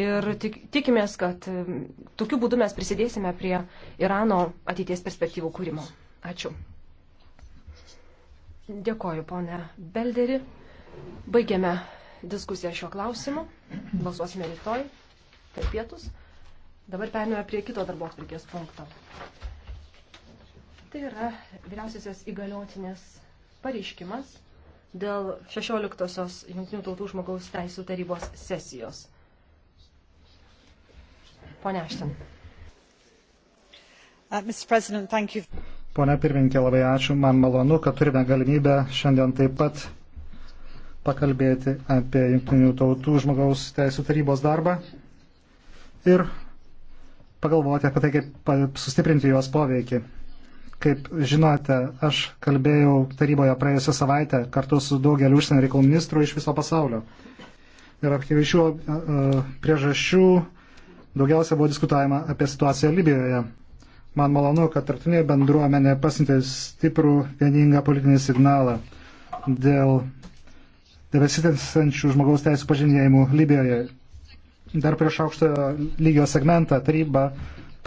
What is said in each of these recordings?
Ir tik, tikimės, kad tokiu būdu mes prisidėsime prie Irano ateities perspektyvų kūrimo. Ačiū. Dėkoju, ponė Belderi. Baigiame diskusiją šiuo klausimu. Balsuosime rytoj per pietus. Dabar perėmėme prie kito darbo atvirkės punkto. Tai yra vyriausiasios įgaliotinės pareiškimas dėl 16-osios Junktinių tautų žmogaus teisų tarybos sesijos. Pone Ašten. Uh, Pone pirmininkė, labai ačiū. Man malonu, kad turime galimybę šiandien taip pat pakalbėti apie Junktinių tautų žmogaus teisų tarybos darbą ir pagalvoti apie tai, kaip sustiprinti jos poveikį. Kaip žinote, aš kalbėjau taryboje praėjusią savaitę kartu su daugeliu užsienio reikalų ministrų iš viso pasaulio. Ir aktyvių priežasčių Daugiausia buvo diskutavima apie situaciją Libijoje. Man malonu, kad tarptautinė bendruomenė pasintė stiprų vieningą politinį signalą dėl besitęsančių žmogaus teisų pažinėjimų Libijoje. Dar prieš aukšto lygio segmentą taryba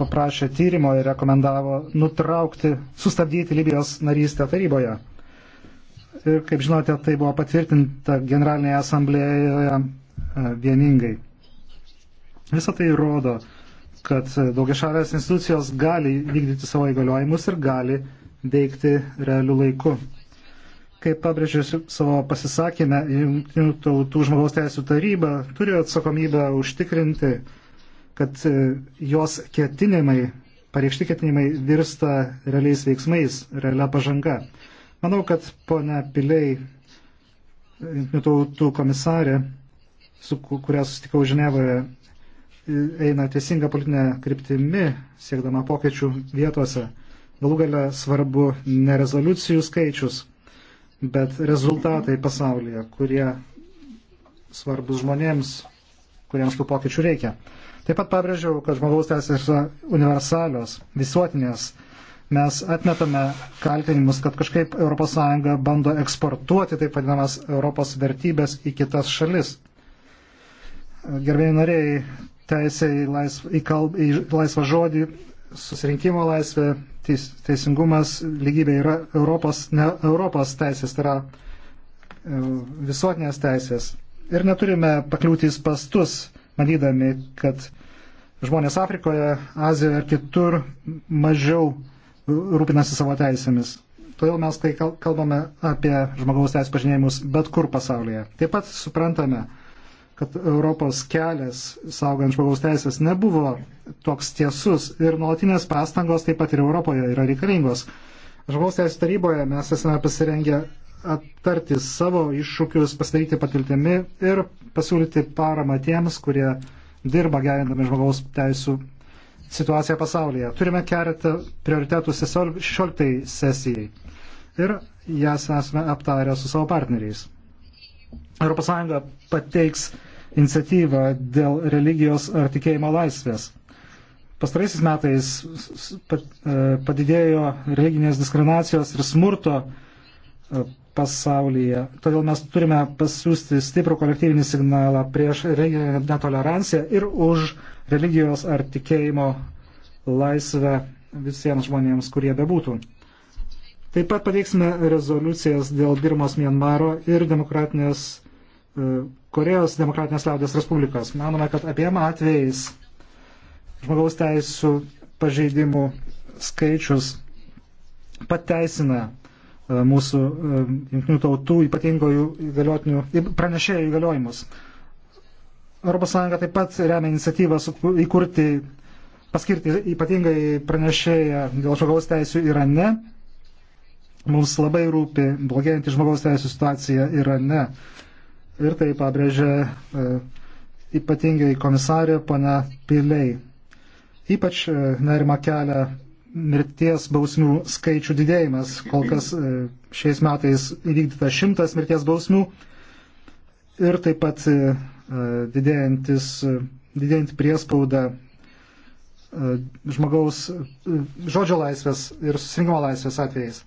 paprašė tyrimo ir rekomendavo nutraukti, sustabdyti Libijos narystę taryboje. Ir kaip žinote, tai buvo patvirtinta Generalinėje asamblėje e, vieningai. Visą tai rodo, kad daugiašalės institucijos gali vykdyti savo įgaliojimus ir gali veikti realiu laiku. Kaip pabrėžiu savo pasisakymę, Junktinių tautų žmogaus teisų taryba turi atsakomybę užtikrinti, kad e, jos ketinimai, pareikšti ketinimai virsta realiais veiksmais, realia pažanga. Manau, kad ponia Piliai, Junktinių tautų komisarė, su kuria susitikau Ženevoje, eina teisinga politinė kryptimi, siekdama pokyčių vietose. Galų gale svarbu ne rezoliucijų skaičius, bet rezultatai pasaulyje, kurie svarbus žmonėms, kuriems tų pokyčių reikia. Taip pat pabrėžiau, kad žmogaus teisės yra universalios, visuotinės. Mes atmetame kaltinimus, kad kažkaip ES bando eksportuoti taip vadinamas Europos vertybės į kitas šalis. Gerbėjai norėjai, teisė į, laisv, į, kalb, į laisvą žodį, susirinkimo laisvė, teis, teisingumas, lygybė yra Europos, ne Europos teisės, tai yra e, visuotinės teisės. Ir neturime pakliūti į pastus, manydami, kad žmonės Afrikoje, Azijoje ar kitur mažiau rūpinasi savo teisėmis. Todėl mes, kai kalbame apie žmogaus teisų pažinėjimus bet kur pasaulyje, taip pat suprantame, kad Europos kelias saugant žmogaus teisės nebuvo toks tiesus ir nuolatinės pastangos taip pat ir Europoje yra reikalingos. Žmogaus teisės taryboje mes esame pasirengę aptarti savo iššūkius, pasidaryti patirtimi ir pasiūlyti paramą tiems, kurie dirba gerindami žmogaus teisų situaciją pasaulyje. Turime keletą prioritetų 16 sesijai ir jas esame aptarę su savo partneriais. ES pateiks iniciatyvą dėl religijos ar tikėjimo laisvės. Pastaraisiais metais e, padidėjo religinės diskriminacijos ir smurto e, pasaulyje. Todėl mes turime pasiūsti stiprų kolektyvinį signalą prieš religinę netoleranciją ir už religijos ar tikėjimo laisvę visiems žmonėms, kurie bebūtų. Taip pat pateiksime rezoliucijas dėl Birmos Mienmaro ir demokratinės, e, Korejos demokratinės liaudės Respublikos. Manome, kad abiem atvejais žmogaus teisų pažeidimų skaičius pateisina e, mūsų e, jungtinių tautų ypatingojų įgaliotinių pranešėjų įgaliojimus. ES taip pat remia iniciatyvą įkurti, paskirti ypatingai pranešėją dėl žmogaus teisų Irane Mums labai rūpi blogėjantį žmogaus teisų situaciją Irane. Ir tai pabrėžė e, ypatingai komisarė pana Piliai. Ypač e, nerima kelia mirties bausmių skaičių didėjimas. Kol kas e, šiais metais įvykdyta šimtas mirties bausmių ir taip pat e, e didėjantis, e, didėjantį priespaudą e, žmogaus žodžio laisvės ir susirinkimo laisvės atvejais.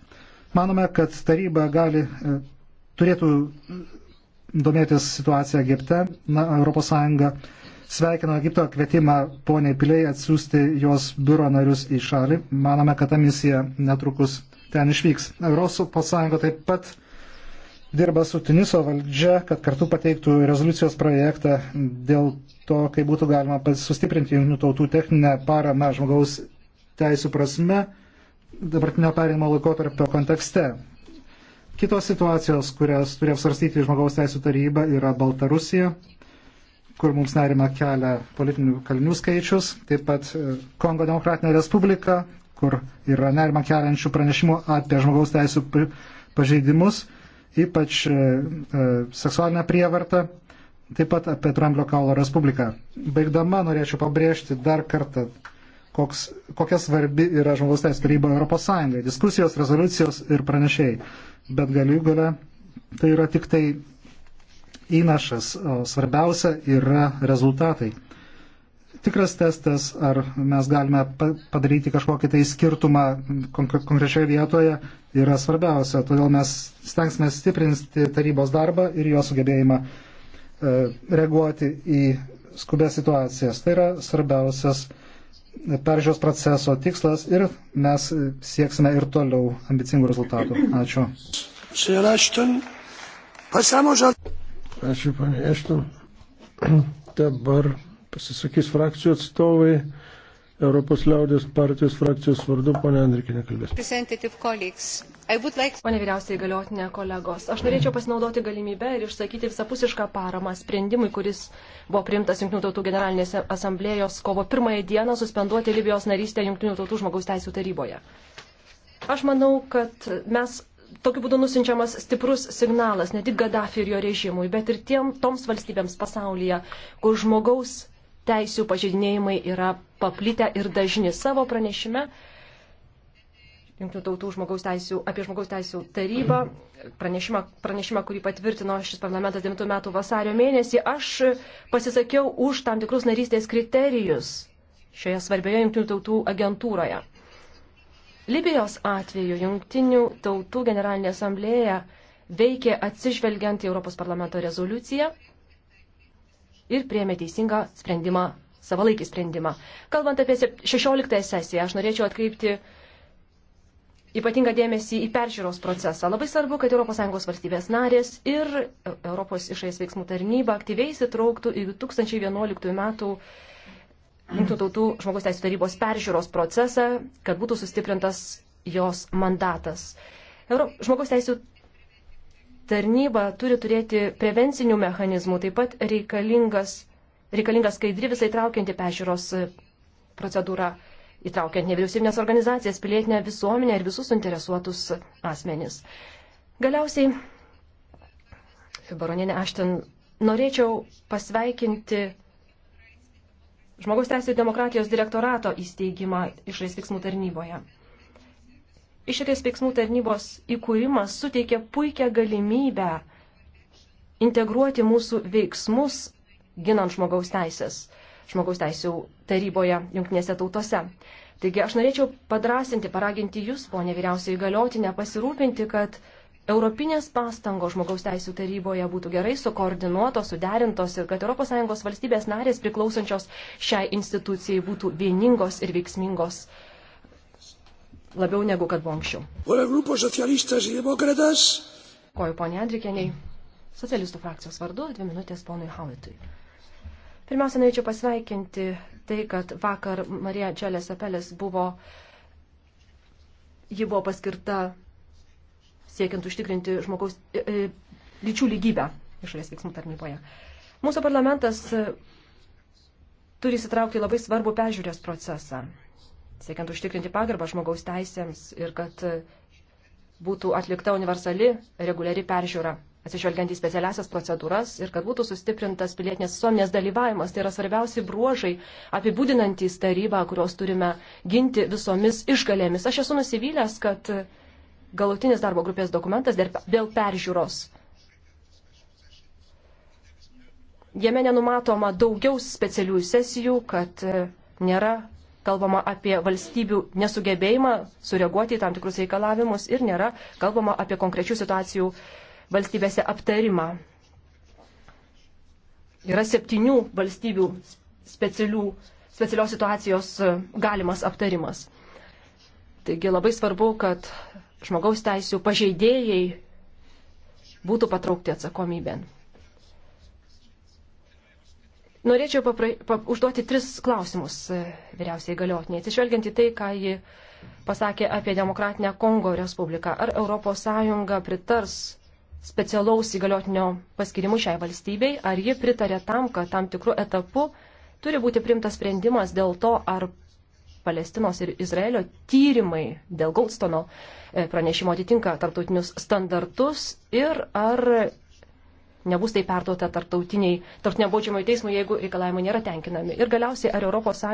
Manome, kad taryba gali, e, turėtų domėtis situaciją Egipte. Na, ES sveikino Egipto kvietimą poniai Piliai atsiųsti jos biuro narius į šalį. Manome, kad ta misija netrukus ten išvyks. ES taip pat dirba su Tuniso valdžia, kad kartu pateiktų rezoliucijos projektą dėl to, kaip būtų galima sustiprinti jungtinių tautų techninę paramą žmogaus teisų prasme dabartinio perėjimo laikotarpio kontekste. Kitos situacijos, kurias turėjo svarstyti žmogaus teisų taryba, yra Baltarusija, kur mums nerima kelia politinių kalinių skaičius, taip pat e, Kongo Demokratinė Respublika, kur yra nerima keliančių pranešimų apie žmogaus teisų pažeidimus, ypač e, e, seksualinę prievartą, taip pat apie Dramblio kaulo Respubliką. Baigdama norėčiau pabrėžti dar kartą koks, kokia svarbi yra žmogaus teisų taryba Europos Sąjungai. Diskusijos, rezoliucijos ir pranešėjai. Bet galių gale tai yra tik tai įnašas, o svarbiausia yra rezultatai. Tikras testas, ar mes galime padaryti kažkokį tai skirtumą konkrečioje vietoje, yra svarbiausia. Todėl mes stengsime stiprinti tarybos darbą ir jo sugebėjimą e, reaguoti į skubės situacijas. Tai yra svarbiausias peržiūros proceso tikslas ir mes sieksime ir toliau ambicingų rezultatų. Ačiū. Ačiū, panė Ešton. Dabar pasisakys frakcijų atstovai. Europos liaudės partijos frakcijos vardu, ponė Andrikinė kalbės. Like... Pone vyriausiai galiotinė kolegos, aš norėčiau pasinaudoti galimybę ir išsakyti visapusišką paramą sprendimui, kuris buvo priimtas Junktinių tautų generalinės asamblėjos kovo pirmąją dieną suspenduoti Libijos narystę Junktinių tautų žmogaus teisų taryboje. Aš manau, kad mes tokiu būdu nusinčiamas stiprus signalas ne tik Gaddafi ir jo režimui, bet ir tiem, toms valstybėms pasaulyje, kur žmogaus teisių pažeidinėjimai yra paplitę ir dažni. Savo pranešime Junktinių tautų žmogaus teisių, apie žmogaus teisų tarybą, pranešimą, pranešimą, kurį patvirtino šis parlamentas 9 metų vasario mėnesį, aš pasisakiau už tam tikrus narystės kriterijus šioje svarbioje Junktinių tautų agentūroje. Libijos atveju Junktinių tautų generalinė asamblėja veikė atsižvelgiant į Europos parlamento rezoliuciją ir priemė teisingą sprendimą, savalaikį sprendimą. Kalbant apie 16 sesiją, aš norėčiau atkreipti ypatingą dėmesį į peržiūros procesą. Labai svarbu, kad ES valstybės narės ir Europos išorės veiksmų tarnyba aktyviai įsitrauktų į 2011 metų Junktinių tautų žmogaus teisų tarybos peržiūros procesą, kad būtų sustiprintas jos mandatas. Euro, žmogaus teisų tarnyba turi turėti prevencinių mechanizmų, taip pat reikalingas, reikalingas skaidri visai traukianti pežiūros e, procedūra, įtraukiant nevyriausybinės organizacijas, pilietinę visuomenę ir visus interesuotus asmenis. Galiausiai, baroninė Ašten, norėčiau pasveikinti Žmogaus teisų ir demokratijos direktorato įsteigimą išraisviksmų tarnyboje. Išorės veiksmų tarnybos įkūrimas suteikia puikią galimybę integruoti mūsų veiksmus ginant žmogaus teisės, žmogaus teisų taryboje jungtinėse tautose. Taigi aš norėčiau padrasinti, paraginti jūs, ponė vyriausiai įgaliotinę, pasirūpinti, kad Europinės pastangos žmogaus teisų taryboje būtų gerai sukoordinuotos, suderintos ir kad ES valstybės narės priklausančios šiai institucijai būtų vieningos ir veiksmingos labiau negu kad buvo anksčiau. Koju ponė Andrikieniai, socialistų frakcijos vardu, dvi minutės ponui Hauitui. Pirmiausia, norėčiau pasveikinti tai, kad vakar Marija Dželės Apelės buvo, ji buvo paskirta siekiant užtikrinti žmogaus e, e, lyčių lygybę išorės veiksmų tarnyboje. Mūsų parlamentas turi įsitraukti labai svarbų pežiūrės procesą siekiant užtikrinti pagarbą žmogaus teisėms ir kad būtų atlikta universali reguliari peržiūra, atsižvelgiant į specialiasias procedūras ir kad būtų sustiprintas pilietinės visuomenės dalyvavimas. Tai yra svarbiausi bruožai apibūdinantys tarybą, kurios turime ginti visomis išgalėmis. Aš esu nusivylęs, kad galutinis darbo grupės dokumentas dėl peržiūros. Jame nenumatoma daugiau specialių sesijų, kad nėra kalbama apie valstybių nesugebėjimą sureaguoti į tam tikrus reikalavimus ir nėra kalbama apie konkrečių situacijų valstybėse aptarimą. Yra septynių valstybių specialių, specialios situacijos e, galimas aptarimas. Taigi labai svarbu, kad žmogaus teisų pažeidėjai būtų patraukti atsakomybėn. Norėčiau papra... pap... užduoti tris klausimus e, vyriausiai galiotiniai, atsižvelgiant į tai, ką ji pasakė apie Demokratinę Kongo Respubliką. Ar ES pritars specialaus įgaliotinio paskirimu šiai valstybei, ar ji pritarė tam, kad tam tikrų etapų turi būti primtas sprendimas dėl to, ar Palestinos ir Izraelio tyrimai dėl Goldstono e, pranešimo atitinka tarptautinius standartus ir ar nebus tai perduota tarptautiniai, tarptautinio baudžiamojo teismo, jeigu reikalavimai nėra tenkinami. Ir galiausiai, ar ES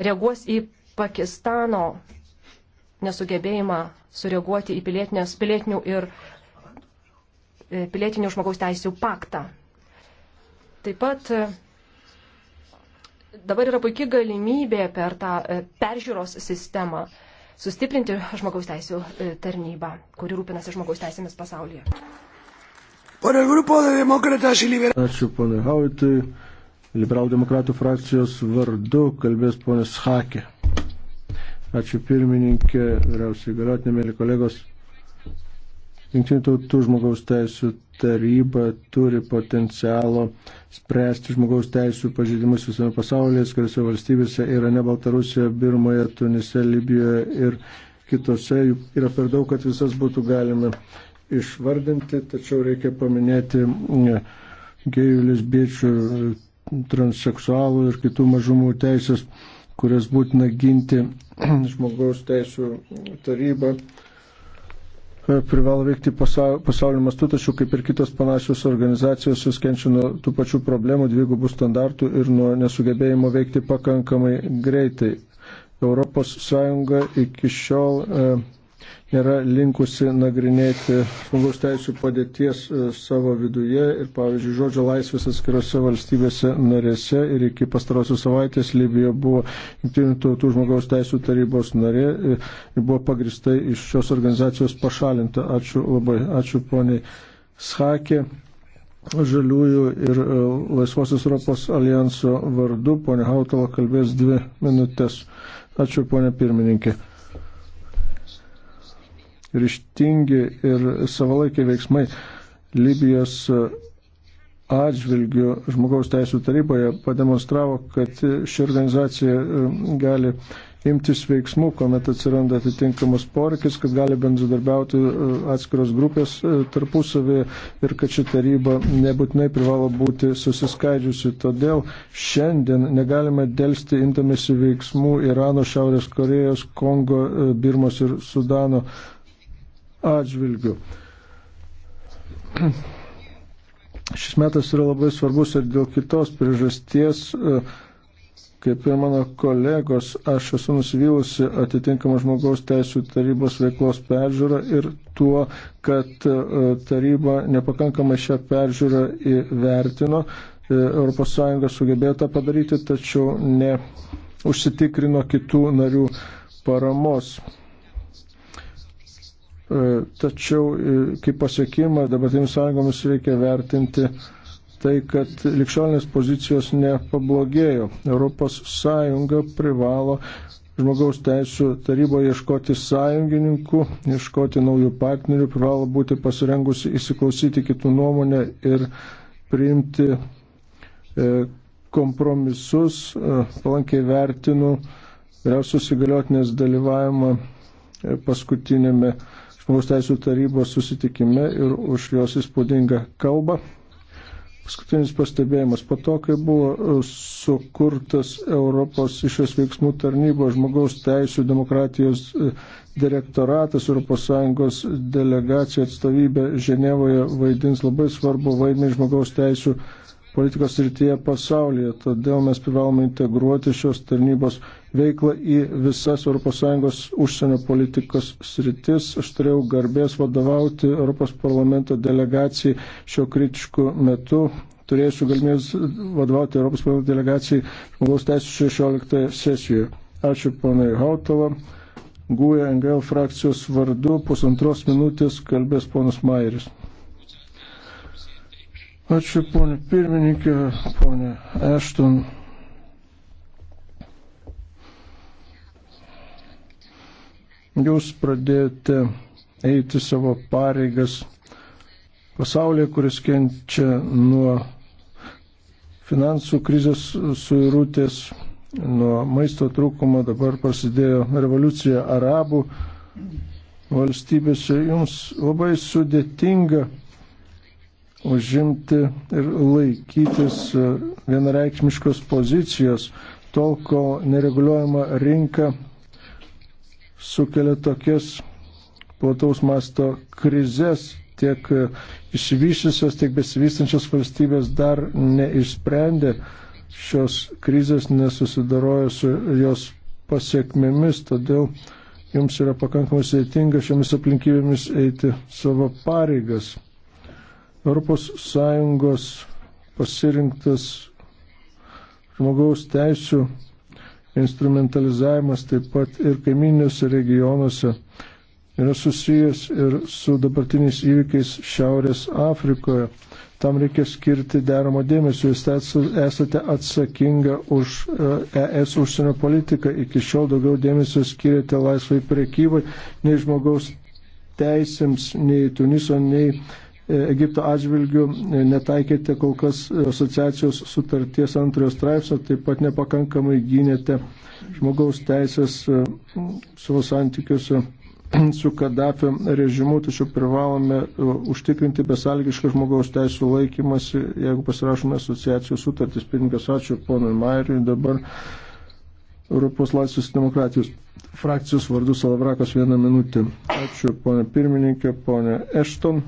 reaguos į Pakistano nesugebėjimą sureaguoti į pilietinių ir e, pilietinių žmogaus teisų paktą. Taip pat e, dabar yra puikia galimybė per tą e, peržiūros sistemą sustiprinti žmogaus teisų tarnybą, kuri rūpinasi žmogaus teisėmis pasaulyje. Ačiū ponai Havitai. Liberalų demokratų frakcijos vardu kalbės ponas Hakė. Ačiū pirmininkė, vyriausiai galiotinė, mėly kolegos. Junktinių tautų žmogaus teisų taryba turi potencialo spręsti žmogaus teisų pažeidimus visame pasaulyje, skiriuose valstybėse yra ne Baltarusijoje, Birmoje, Tunise, Libijoje ir kitose. Yra per daug, kad visas būtų galima išvardinti, tačiau reikia paminėti e, gėjų, lesbiečių, transseksualų ir kitų mažumų teisės, kurias būtina ginti žmogaus teisų taryba e, privalo veikti pasaulio mastu, tačiau kaip ir kitos panašios organizacijos, jos kenčia nuo tų pačių problemų, dvigubų standartų ir nuo nesugebėjimo veikti pakankamai greitai. ES iki šiol e, nėra linkusi nagrinėti žmogaus teisų padėties e, savo viduje ir, pavyzdžiui, žodžio laisvės atskirose valstybėse narėse ir iki pastarosios savaitės Libija buvo Junktinių tautų žmogaus teisų tarybos narė e, ir buvo pagristai iš šios organizacijos pašalinta. Ačiū labai, ačiū poniai Schakė. Žaliųjų ir e, Laisvosios Europos alijanso vardu, ponia Hautala, kalbės dvi minutės. Ačiū, ponia pirmininkė ryštingi ir savalaikiai veiksmai Libijos atžvilgių žmogaus teisų taryboje pademonstravo, kad ši organizacija um, gali imtis veiksmų, kuomet atsiranda atitinkamas poreikis, kad gali bendradarbiauti uh, atskiros grupės uh, tarpusavėje ir kad ši taryba nebūtinai privalo būti susiskaidžiusi. Todėl šiandien negalime dėlsti imdamėsi veiksmų Irano, Šiaurės Korejos, Kongo, uh, Birmos ir Sudano atžvilgių. Šis metas yra labai svarbus ir dėl kitos priežasties, e, kaip ir mano kolegos, aš esu nusivylusi atitinkamą žmogaus teisų tarybos veiklos peržiūrą ir tuo, kad e, taryba nepakankamai šią peržiūrą įvertino. ES sugebėjo tą padaryti, tačiau neužsitikrino kitų narių paramos. E, tačiau e, kaip pasiekimą dabartiniams sąjungomis reikia vertinti tai, kad likščiolinės pozicijos nepablogėjo. Europos sąjunga privalo žmogaus teisų taryboje ieškoti sąjungininkų, ieškoti naujų partnerių, privalo būti pasirengusi įsiklausyti kitų nuomonę ir priimti e, kompromisus, palankiai vertinu vyriausios įgaliotinės dalyvavimą paskutinėme žmogaus teisų tarybos susitikime ir už jos įspūdingą kalbą. Paskutinis pastebėjimas. Po to, kai buvo e, sukurtas Europos išės veiksmų tarnybos žmogaus teisų demokratijos e, direktoratas, ES delegacija atstovybė Ženevoje vaidins labai svarbu vaidmenį žmogaus teisų politikos rytyje pasaulyje. Todėl mes privalome integruoti šios tarnybos veiklą į visas ES užsienio politikos sritis. Aš turėjau garbės vadovauti Europos parlamento delegacijai šio kritiškų metu. Turėsiu galimės vadovauti Europos parlamento delegacijai žmogaus teisų 16 sesijoje. Ačiū ponai Hautala. Gūja NGL frakcijos vardu pusantros minutės kalbės ponas Mairis. Ačiū, ponė pirmininkė, ponė Ešton. Jūs pradėjote eiti savo pareigas pasaulyje, kuris kenčia nuo finansų krizės suirutės, nuo maisto trūkumo, dabar prasidėjo revoliucija arabų valstybėse. Jums labai sudėtinga užimti ir laikytis e, vienareikšmiškos pozicijos, tol kol nereguliuojama rinka sukelia tokias plataus masto krizės tiek e, išvyšusios, tiek besivystančios valstybės dar neišsprendė šios krizės, nesusidarojo su jos pasiekmėmis, todėl jums yra pakankamai sėtinga šiomis aplinkybėmis eiti savo pareigas. ES pasirinktas žmogaus teisų instrumentalizavimas taip pat ir kaiminėse regionuose yra susijęs ir su dabartiniais įvykiais Šiaurės Afrikoje. Tam reikia skirti deramo dėmesio. Jūs esate atsakinga už ES e užsienio politiką. Iki šiol daugiau dėmesio skiriate laisvai priekybai, nei žmogaus teisėms, nei Tuniso, nei Egipto atžvilgių e, netaikėte kol kas e, asociacijos sutarties antrojo straipsnio, taip pat nepakankamai gynėte žmogaus teisės e, savo santykiuose su Kadafio režimu, tačiau privalome užtikrinti besalgišką žmogaus teisų laikymasi, jeigu pasirašome asociacijos sutartis. Pirmininkas, ačiū ponui Mairiui. Dabar Europos laisvės demokratijos frakcijos vardu Salavrakos vieną minutę. Ačiū ponė pirmininkė, ponė Ešton.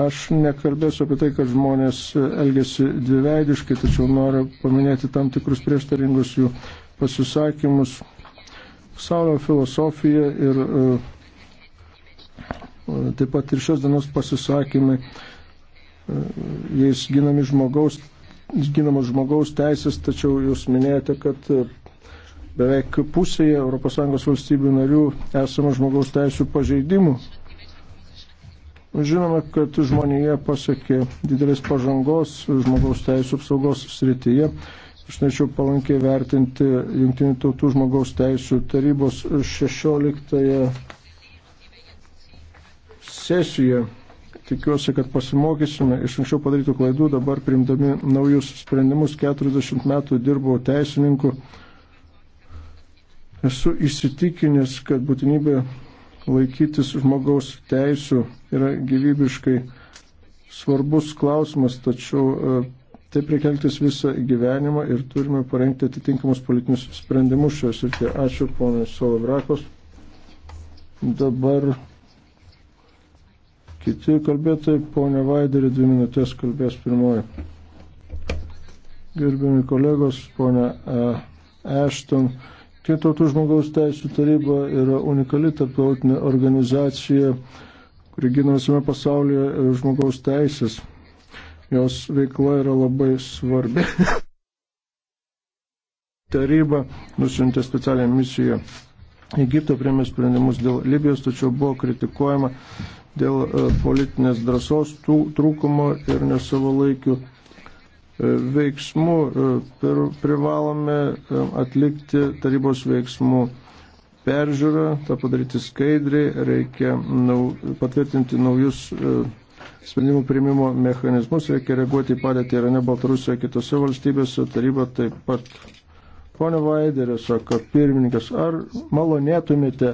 Aš nekalbėsiu apie tai, kad žmonės elgesi dviveidiškai, tačiau noriu paminėti tam tikrus prieštaringus jų pasisakymus. Pasaulio filosofija ir e, e, taip pat ir šios dienos pasisakymai, e, jais ginami žmogaus, ginamos žmogaus teisės, tačiau jūs minėjote, kad beveik pusėje ES valstybių narių esama žmogaus teisų pažeidimų. Žinome, kad žmonėje pasiekė didelės pažangos žmogaus teisų apsaugos srityje. Aš norėčiau palankiai vertinti Junktinių tautų žmogaus teisų tarybos 16 sesiją. Tikiuosi, kad pasimokysime iš anksčiau padarytų klaidų, dabar priimdami naujus sprendimus. 40 metų dirbau teisininku. Esu įsitikinęs, kad būtinybė laikytis žmogaus teisų yra gyvybiškai svarbus klausimas, tačiau e, taip reikia elgtis visą gyvenimą ir turime parengti atitinkamus politinius sprendimus šios ir tie. Ačiū ponai Solovrakos. Dabar kiti kalbėtojai, ponia Vaiderį, dvi minutės kalbės pirmoji. Gerbiami kolegos, ponia e, Ešton. Uh, Kietautų žmogaus teisų taryba yra unikali tarptautinė organizacija, kuri gina visame pasaulyje žmogaus teisės. Jos veikla yra labai svarbi. taryba nusintė specialią misiją Egipto priemė sprendimus dėl Libijos, tačiau buvo kritikuojama dėl e, politinės drąsos trūkumo ir nesavalaikių veiksmų e, privalome e, atlikti tarybos veiksmų peržiūrą, tą padaryti skaidriai, reikia nau, patvirtinti naujus e, sprendimų priimimo mechanizmus, reikia reaguoti į padėtį Irane, Baltarusijoje, kitose valstybėse, taryba taip pat. Pone Vaiderė, sako pirmininkas, ar malonėtumėte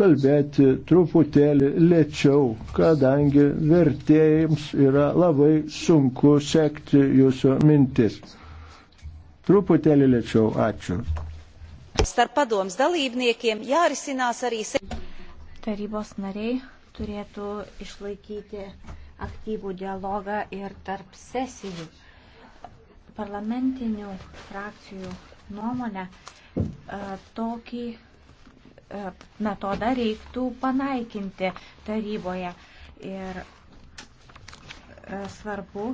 kalbėti truputėlį lėčiau, kadangi vertėjams yra labai sunku sekti jūsų mintis. Truputėlį lėčiau, ačiū. Starp padoms dalybniekiem jārisinās arī. Tarybos nariai turėtų išlaikyti aktyvų dialogą ir tarp sesijų. Parlamentinių frakcijų nuomonę e, tokį metodą reiktų panaikinti taryboje. Ir e, svarbu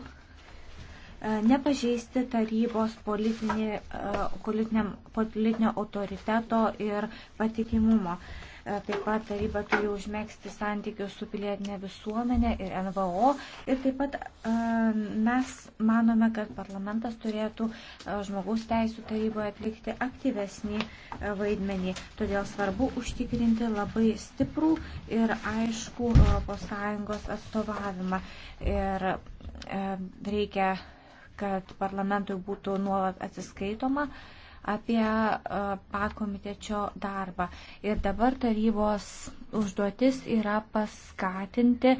E, nepažeisti tarybos politinį, e, politinio autoriteto ir patikimumo. E, taip pat taryba turi užmėgsti santykius su pilietinė visuomenė ir NVO. Ir taip pat mes manome, kad parlamentas turėtų žmogaus teisų taryboje atlikti aktyvesnį vaidmenį. Todėl svarbu užtikrinti labai stiprų ir aišku ES atstovavimą. Ir reikia kad parlamentui būtų nuolat atsiskaitoma apie e, pakomitečio darbą. Ir dabar tarybos užduotis yra paskatinti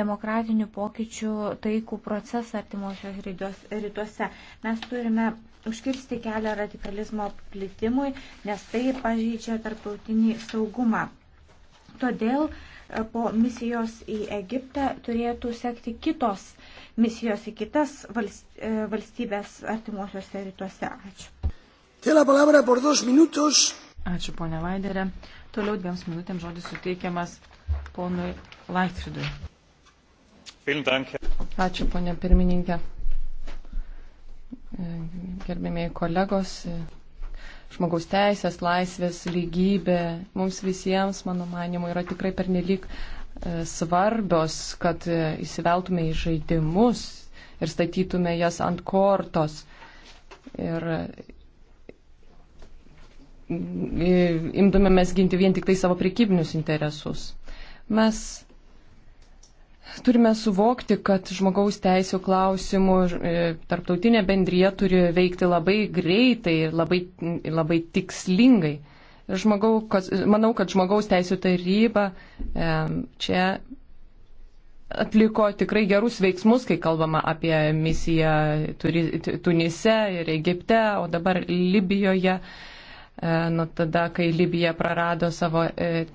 demokratinių pokyčių taikų procesą artimuosios rytuose. Mes turime užkirsti kelią radikalizmo plitimui, nes tai pažydžia tarptautinį saugumą. Todėl e, po misijos į Egiptą turėtų sekti kitos uh, misijos į kitas e, valstybės artimuosiuose rytuose. Ačiū. Ačiū, ponė Vaiderė. Toliau dviems minutėms žodis suteikiamas ponui Laitfridui. Ačiū, ponė pirmininkė. E, Gerbėmiai kolegos, e, žmogaus teisės, laisvės, lygybė mums visiems, mano manimu, yra tikrai pernelyg E, svarbios, kad e, įsiveltume į žaidimus ir statytume jas ant kortos. Ir mm, imtume mes ginti vien tik tai savo prekybinius interesus. Mes turime suvokti, kad žmogaus teisų klausimų e, tarptautinė bendryje turi veikti labai greitai ir labai, labai tikslingai. Žmogau, kas, manau, kad žmogaus teisų taryba e, čia atliko tikrai gerus veiksmus, kai kalbama apie misiją Tunise ir Egipte, o dabar Libijoje. E, nuo tada, kai Libija prarado savo, e,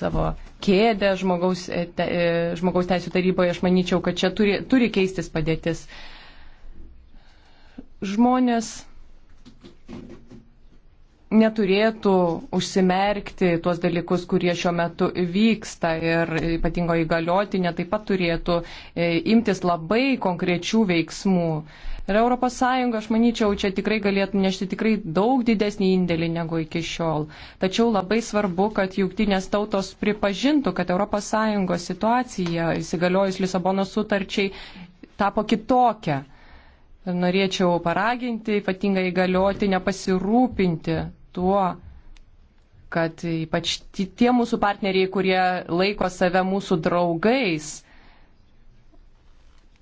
savo kėdę žmogaus, e, te, žmogaus teisų taryboje, aš manyčiau, kad čia turi, turi keistis padėtis. Žmonės neturėtų užsimerkti tuos dalykus, kurie šiuo metu vyksta ir ypatingo įgaliotinė taip pat turėtų e, imtis labai konkrečių veiksmų. Ir ES, aš manyčiau, čia tikrai galėtų nešti tikrai daug didesnį indėlį negu iki šiol. Tačiau labai svarbu, kad jungtinės tautos pripažintų, kad ES situacija įsigaliojus Lisabono sutarčiai tapo kitokia. Ir norėčiau paraginti ypatingai įgalioti nepasirūpinti tuo, kad ypač tie mūsų partneriai, kurie laiko save mūsų draugais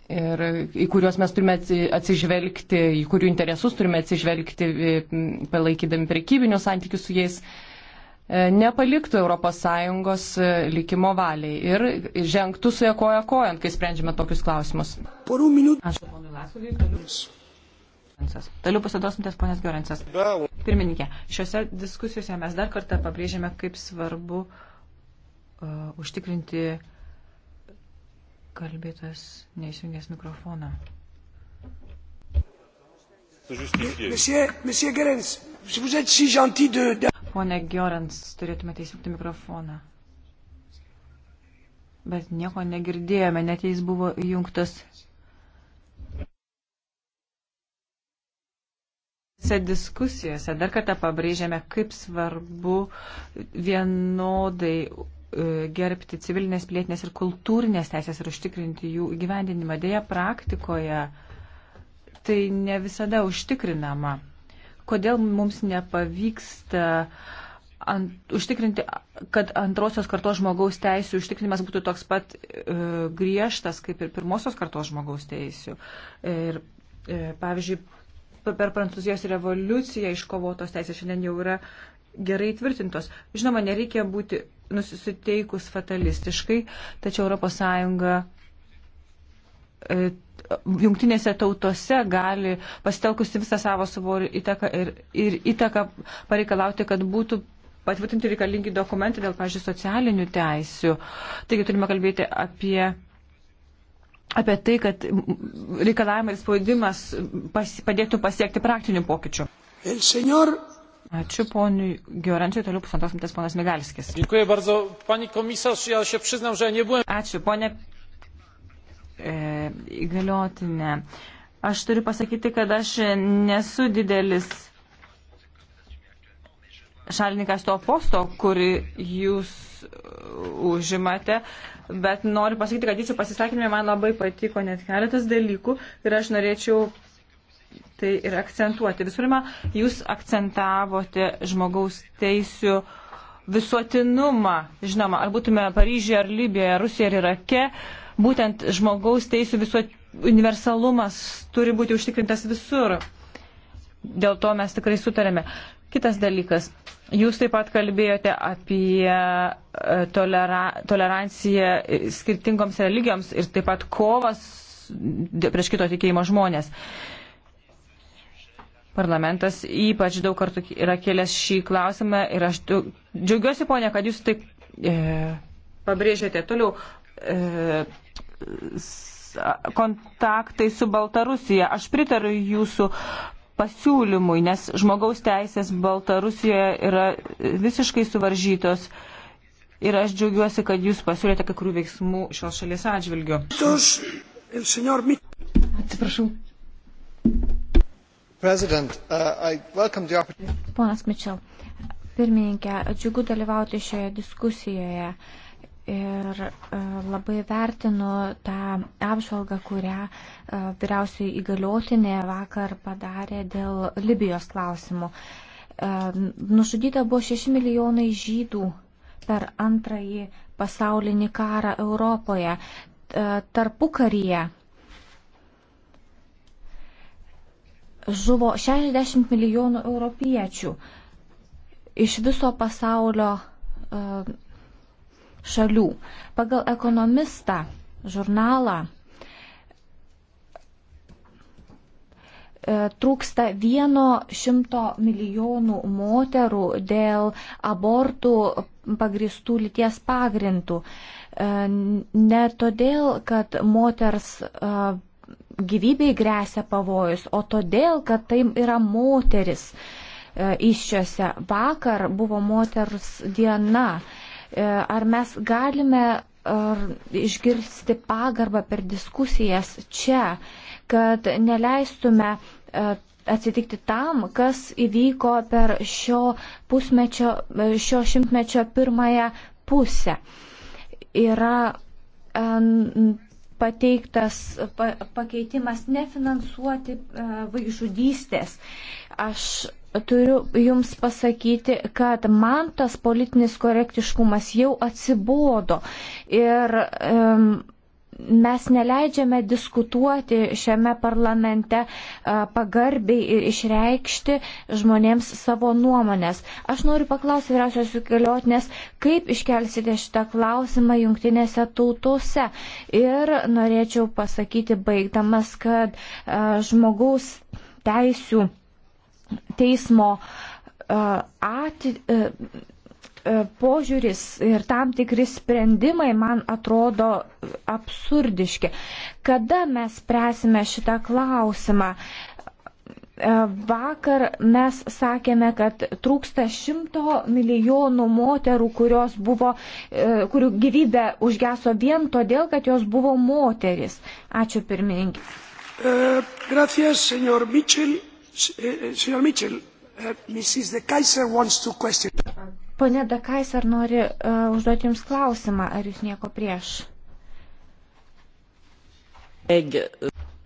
ir į kuriuos mes turime atsižvelgti, į kurių interesus turime atsižvelgti, e, palaikydami prekybinius santykius su jais, e, nepaliktų ES e, likimo valiai ir žengtų su ją koja kojant, kai sprendžiame tokius klausimus. Ačiū, ponui Lasulį. Toliau pasiduosimtės ponės Giorensas. Pirmininkė, šiuose diskusijose mes dar kartą pabrėžėme, kaip svarbu uh, užtikrinti kalbėtas neįsijungęs mikrofoną. Pone Giorens, turėtumėte įsijungti mikrofoną. Bet nieko negirdėjome, net jis buvo įjungtas šiuose diskusijose dar kartą pabrėžėme, kaip svarbu vienodai e, gerbti civilinės, plėtinės ir kultūrinės teisės ir užtikrinti jų gyvendinimą. Deja, praktikoje tai ne visada užtikrinama. Kodėl mums nepavyksta ant, užtikrinti, kad antrosios kartos žmogaus teisų užtikrinimas būtų toks pat e, griežtas kaip ir pirmosios kartos žmogaus teisų. Ir, e, pavyzdžiui, per Prancūzijos revoliuciją iškovotos teisės šiandien jau yra gerai tvirtintos. Žinoma, nereikia būti nusiteikus fatalistiškai, tačiau ES e, jungtinėse tautose gali pasitelkusi visą savo svorį įtaką ir, ir įtaką pareikalauti, kad būtų patvirtinti reikalingi dokumentai dėl, pažiūrėjau, socialinių teisių. Taigi turime kalbėti apie apie tai, kad reikalavimai ir spaudimas pas, padėtų pasiekti praktinių pokyčių. Senor... Ačiū poniui Giorančiui, toliau pusantros minutės ponas Migalskis. Ačiū ponė e, įgaliotinė. E, Aš turiu pasakyti, kad aš nesu didelis šalininkas to posto, kurį jūs e, užimate. Uh, bet noriu pasakyti, kad jūsų pasisakymė man labai patiko net keletas dalykų ir aš norėčiau tai ir akcentuoti. Visų pirma, jūs akcentavote žmogaus teisių visuotinumą, žinoma, ar būtume Paryžiuje, ar Libijoje, ar Rusijoje, ar Irake, būtent žmogaus teisų visuot... universalumas turi būti užtikrintas visur. Dėl to mes tikrai sutarėme. Kitas dalykas. Jūs taip pat kalbėjote apie e, tolera, toleranciją skirtingoms religijoms ir taip pat kovas prieš kito tikėjimo žmonės. Parlamentas ypač daug kartų yra kėlęs šį klausimą ir aš džiaugiuosi, ponė, kad jūs taip e, pabrėžėte toliau. E, kontaktai su Baltarusija. Aš pritariu jūsų pasiūlymui, nes žmogaus teisės Baltarusijoje yra visiškai suvaržytos. Ir aš džiaugiuosi, kad jūs pasiūlėte kai kurių veiksmų šios šalies atžvilgiu. Atsiprašau. Uh, Ponas Mičel, pirmininkė, džiugu dalyvauti šioje diskusijoje. Uh, ir e, labai vertinu tą apžvalgą, kurią e, vyriausiai įgaliotinė vakar padarė dėl Libijos klausimų. E, nužudyta buvo 6 milijonai žydų per antrąjį pasaulinį karą Europoje, tarpukaryje. Žuvo 60 milijonų europiečių iš viso pasaulio šalių. Pagal ekonomistą žurnalą e, trūksta vieno šimto milijonų moterų dėl abortų pagristų lyties pagrindų. E, ne todėl, kad moters e, gyvybei grėsia pavojus, o todėl, kad tai yra moteris iššiose. Vakar buvo moters diena. E, ar mes galime ar e, išgirsti pagarbą per diskusijas čia, kad neleistume e, atsitikti tam, kas įvyko per šio, pusmečio, šio šimtmečio pirmąją pusę. Yra pateiktas pakeitimas nefinansuoti vaikžudystės. Aš turiu Jums pasakyti, kad man tas politinis korektiškumas jau atsibodo ir um, mes neleidžiame diskutuoti šiame parlamente uh, pagarbiai ir išreikšti žmonėms savo nuomonės. Aš noriu paklausti vyriausios įgaliotinės, kaip iškelsite šitą klausimą jungtinėse tautose. Ir norėčiau pasakyti baigdamas, kad uh, žmogaus teisių teismo e, ati, e, e, požiūris ir tam tikri sprendimai man atrodo absurdiški. Kada mes spręsime šitą klausimą? Vakar mes sakėme, kad trūksta šimto milijonų moterų, kurios buvo, kurių gyvybė užgeso vien todėl, kad jos buvo moteris. Ačiū pirmininkė. Uh, gracias, senor Mitchell. Eh, Señor Mitchell, eh, Mrs. De Kaiser wants to question. Pone De Kaiser nori uh, užduoti Jums klausimą, ar Jūs nieko prieš? Egi.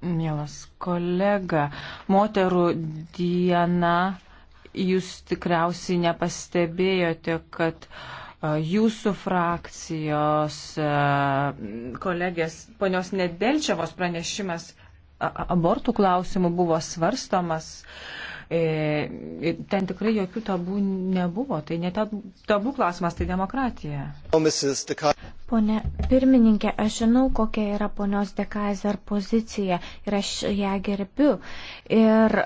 Mielas kolega, moterų diena, jūs tikriausiai nepastebėjote, kad uh, jūsų frakcijos uh, kolegės ponios Nedelčiavos pranešimas abortų klausimų buvo svarstamas. E, ten tikrai jokių tabų nebuvo. Tai ne tabų klausimas, tai demokratija. Pone pirmininkė, aš žinau, kokia yra ponios Dekaiser pozicija ir aš ją gerbiu. Ir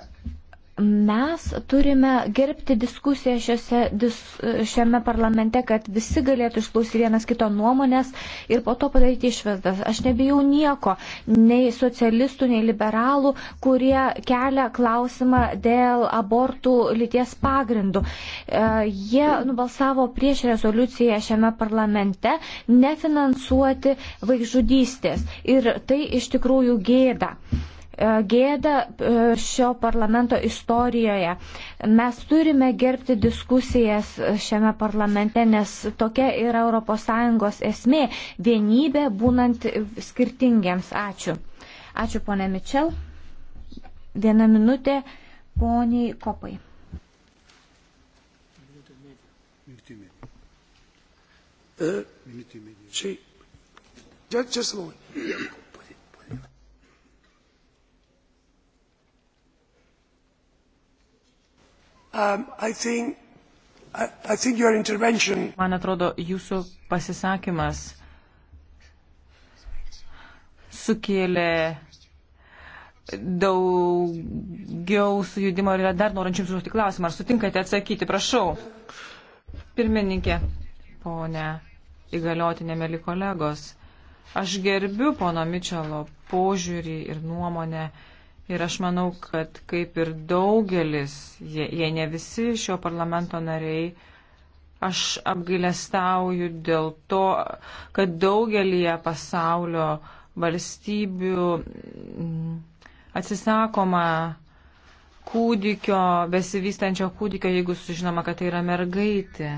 mes turime gerbti diskusiją šiose, dis, šiame parlamente, kad visi galėtų išklausyti vienas kito nuomonės ir po to padaryti išvedas. Aš nebijau nieko, nei socialistų, nei liberalų, kurie kelia klausimą dėl abortų lyties pagrindų. E, jie nubalsavo prieš rezoliuciją šiame parlamente nefinansuoti vaikžudystės. Ir tai iš tikrųjų gėda. E, gėda e, šio parlamento istorijoje. Mes turime gerbti diskusijas šiame parlamente, nes tokia yra ES esmė - vienybė būnant skirtingiems. Ačiū. Ačiū, ponė Mičel. Viena minutė, poniai Kopai. Uh, sí. E, just, just a moment. Um, I think, I, I think intervention... Man atrodo, jūsų pasisakymas sukėlė daugiau sujudimo ir yra dar norančių užduoti klausimą. Ar sutinkate atsakyti, prašau? Pirmininkė, ponė, įgaliotinė mėly kolegos, aš gerbiu pono Mičelo požiūrį ir nuomonę Ir aš manau, kad kaip ir daugelis, jei ne visi šio parlamento nariai, aš apgailestauju dėl to, kad daugelie pasaulio valstybių mm, atsisakoma kūdikio, besivystančio kūdikio, jeigu sužinoma, kad tai yra mergaitė.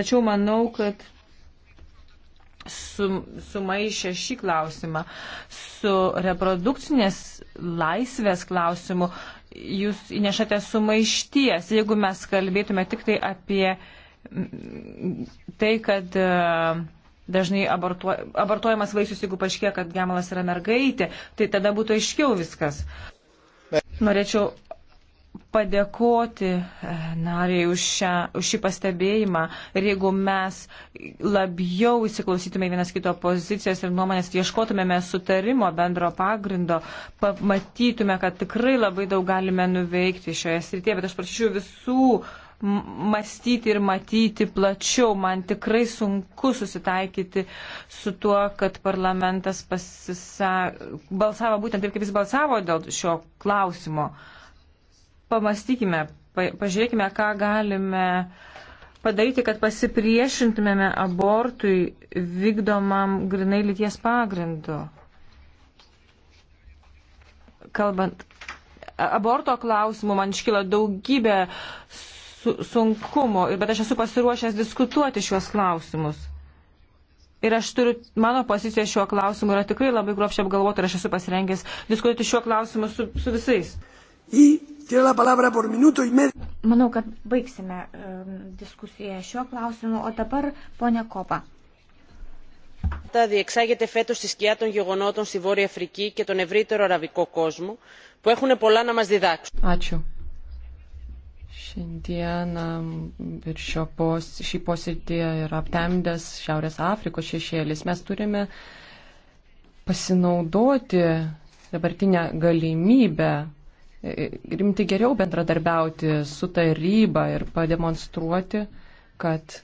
Tačiau manau, kad sumaišė su šį klausimą su reprodukcinės laisvės klausimu, jūs įnešate sumaišties. Jeigu mes kalbėtume tik tai apie tai, kad e, dažnai abortuo, abortuojamas vaisius, jeigu paaiškėja, kad gemalas yra mergaitė, tai tada būtų aiškiau viskas. Norėčiau padėkoti e, nariai už, šią, už šį pastebėjimą ir jeigu mes labiau įsiklausytume vienas kito pozicijas ir nuomonės, ieškotumėme sutarimo bendro pagrindo, pamatytume, kad tikrai labai daug galime nuveikti šioje srityje, bet aš prašyčiau visų mąstyti ir matyti plačiau. Man tikrai sunku susitaikyti su tuo, kad parlamentas pasisa... balsavo būtent taip, kaip jis balsavo dėl šio klausimo. Uh, pamastykime, pažiūrėkime, ką galime padaryti, kad pasipriešintumėme abortui vykdomam grinai lyties pagrindu. Kalbant, aborto klausimų man iškyla daugybė su, sunkumų, bet aš esu pasiruošęs diskutuoti šiuos klausimus. Ir aš turiu, mano pozicija šiuo klausimu yra tikrai labai gruopšiai apgalvota ir aš esu pasirengęs diskutuoti šiuo klausimu su, su visais. Į Manau, kad baigsime e, diskusiją šiuo klausimu, o dabar ponė Kopa. Τα διεξάγεται φέτος στη σκιά των γεγονότων στη Βόρεια Αφρική και τον ευρύτερο αραβικό κόσμο, που έχουν πολλά να μας διδάξουν. Ačiū. Šiandieną ir šio pos, šį posėdį yra aptemdęs Šiaurės Afrikos šešėlis. Mes turime pasinaudoti dabartinę galimybę rimti geriau bendradarbiauti su taryba ir pademonstruoti, kad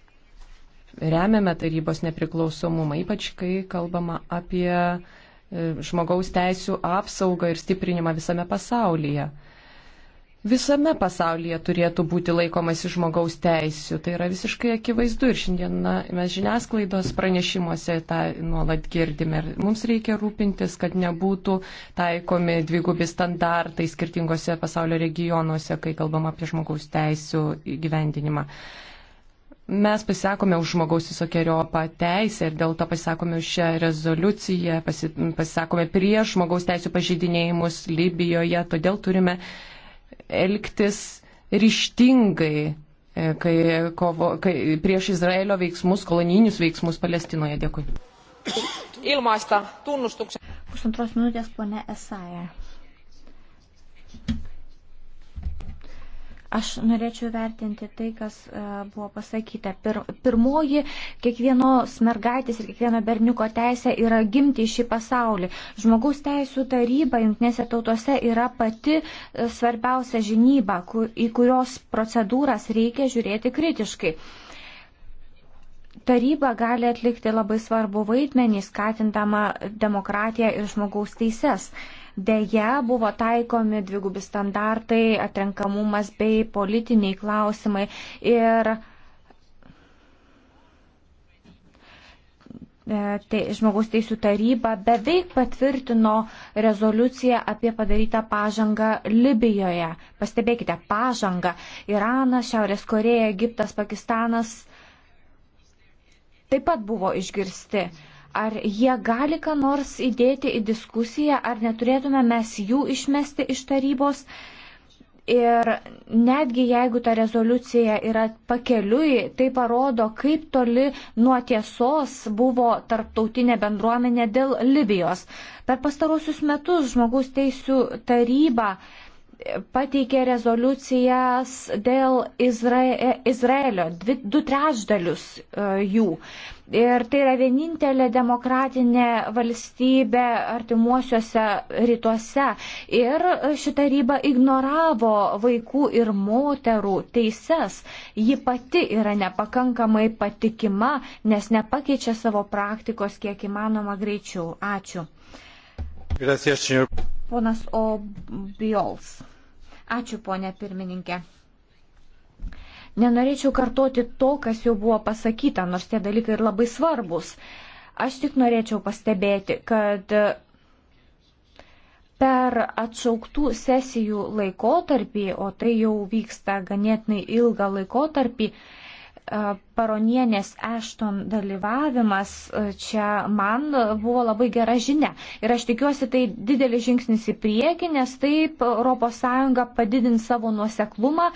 remiame tarybos nepriklausomumą, ypač kai kalbama apie e, žmogaus teisų apsaugą ir stiprinimą visame pasaulyje visame pasaulyje turėtų būti laikomasi žmogaus teisų. Tai yra visiškai akivaizdu ir šiandieną mes žiniasklaidos pranešimuose tą nuolat girdime. Ir mums reikia rūpintis, kad nebūtų taikomi dvigubi standartai skirtingose pasaulio regionuose, kai kalbam apie žmogaus teisų gyvendinimą. Mes pasisakome už žmogaus visokiojopą teisę ir dėl to pasisakome už šią rezoliuciją, pasi, pasisakome prieš žmogaus teisų pažydinėjimus Libijoje, todėl turime elgtis ryštingai, e, kai, kovo, kai prieš Izraelio veiksmus, kolonijinius veiksmus Palestinoje. Dėkui. Ilmaista tunnustuksen. Pusantros minutės, ponė Esaja. Aš norėčiau vertinti tai, kas e, buvo pasakyta. Pir, pirmoji, kiekvienos mergaitės ir kiekvieno berniuko teisė yra gimti į šį pasaulį. Žmogaus teisų taryba jungtinėse tautose yra pati e, svarbiausia žinyba, kur, į kurios procedūras reikia žiūrėti kritiškai. Taryba gali atlikti labai svarbu vaidmenį, skatindama demokratiją ir žmogaus teises. Deja, buvo taikomi dvigubi standartai, atrenkamumas bei politiniai klausimai. Ir e, te, žmogaus teisų taryba beveik patvirtino rezoliuciją apie padarytą pažangą Libijoje. Pastebėkite, pažangą. Iranas, Šiaurės Koreja, Egiptas, Pakistanas taip pat buvo išgirsti. Uh, Ar jie gali ką nors įdėti į diskusiją, ar neturėtume mes jų išmesti iš tarybos? Ir netgi jeigu ta rezoliucija yra pakeliui, tai parodo, kaip toli nuo tiesos buvo tarptautinė bendruomenė dėl Libijos. Per pastarosius metus žmogus teisų taryba uh, pateikė rezoliucijas dėl Izrae, Izraelio, dvi, du trečdalius e, jų. Ir tai yra vienintelė demokratinė valstybė artimuosiuose rytuose. Ir ši taryba ignoravo vaikų ir moterų teises. Ji pati yra nepakankamai patikima, nes nepakeičia savo praktikos kiek įmanoma greičiau. Ačiū. Gracias, Ponas Obiols. Ačiū, ponė pirmininkė. Nenorėčiau kartoti to, kas jau buvo pasakyta, nors tie dalykai ir labai svarbus. Aš tik norėčiau pastebėti, kad per atšauktų sesijų laikotarpį, o tai jau vyksta ganėtinai ilgą laikotarpį, paronienės Ešton dalyvavimas e, čia man buvo labai gera žinia. Ir aš tikiuosi, tai didelis žingsnis į priekį, nes taip ES padidins savo nuoseklumą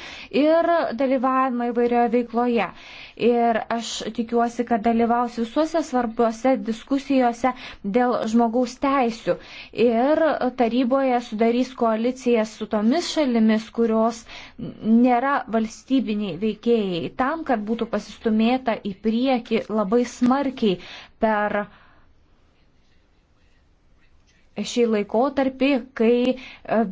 ir dalyvavimą įvairioje veikloje ir aš tikiuosi, kad dalyvaus visuose svarbiuose diskusijose dėl žmogaus teisių ir taryboje sudarys koalicijas su tomis šalimis, kurios nėra valstybiniai veikėjai, tam, kad būtų pasistumėta į priekį labai smarkiai per šį laikotarpį, kai e,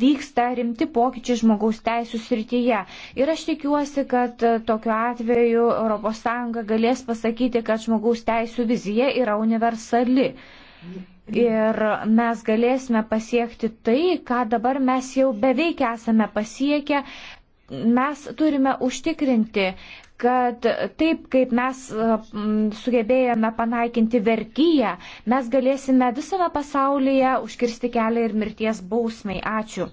vyksta rimti pokyčiai žmogaus teisų srityje. Ir aš tikiuosi, kad e, tokiu atveju ES galės pasakyti, kad žmogaus teisų vizija yra universali. Ir mes galėsime pasiekti tai, ką dabar mes jau beveik esame pasiekę. Mes turime užtikrinti kad taip kaip mes e, sugebėjome panaikinti vergyją, mes galėsime visame pasaulyje užkirsti kelią ir mirties bausmai. Ačiū.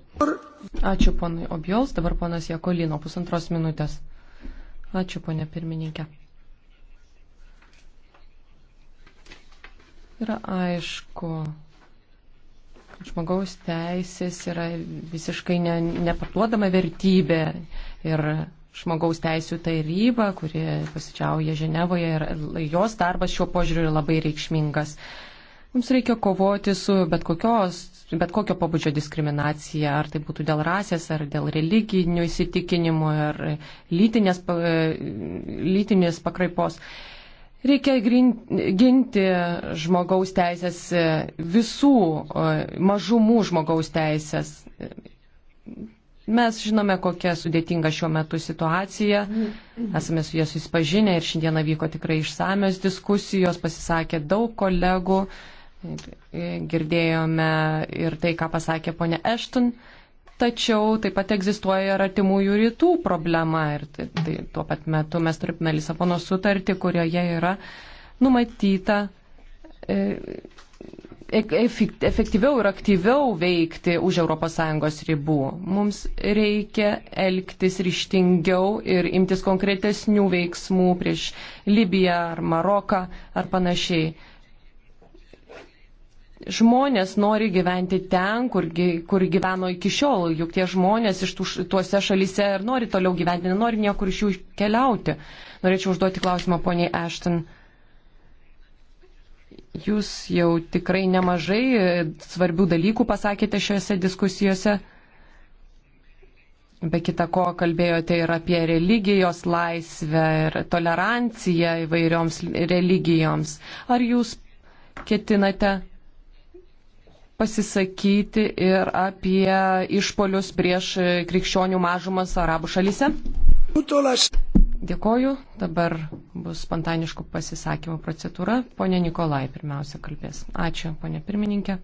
Ačiū ponai Objols, dabar ponas Jekolino, pusantros minutės. Ačiū ponė pirmininkė. Yra aišku, žmogaus teisės yra visiškai ne, neparduodama vertybė ir žmogaus teisų taryba, kuri pasidžiauja Ženevoje ir jos darbas šiuo požiūriu yra labai reikšmingas. Mums reikia kovoti su bet, kokios, bet kokio pabudžio diskriminacija, ar tai būtų dėl rasės, ar dėl religinių įsitikinimų, ar lytinės, lytinės pakraipos. Reikia ginti žmogaus teisės, visų mažumų žmogaus teisės Mes žinome, kokia sudėtinga šiuo metu situacija. Esame su jie susipažinę ir šiandieną vyko tikrai išsamios diskusijos, pasisakė daug kolegų. Girdėjome ir tai, ką pasakė ponė Ešton. Tačiau taip pat egzistuoja ir artimųjų rytų problema. Ir tai, tai, tuo pat metu mes turime Lisabono sutartį, kurioje yra numatyta e, efektyviau ir aktyviau veikti už ES ribų. Mums reikia elgtis ryštingiau ir imtis konkretesnių veiksmų prieš Libiją ar Maroką ar panašiai žmonės nori gyventi ten, kur, kur gyveno iki šiol, juk tie žmonės iš tų, tuose šalyse ir nori toliau gyventi, nenori niekur iš jų keliauti. Norėčiau užduoti klausimą poniai Ashton. Jūs jau tikrai nemažai e, svarbių dalykų pasakėte šiuose diskusijose. Be kita ko, kalbėjote ir apie religijos laisvę ir toleranciją įvairioms religijoms. Ar jūs ketinate pasisakyti ir apie išpolius prieš e, krikščionių mažumas arabų šalyse? Dėkoju. Dabar bus spontaniškų pasisakymų procedūra. Pone Nikolai pirmiausia kalbės. Ačiū, ponė pirmininkė.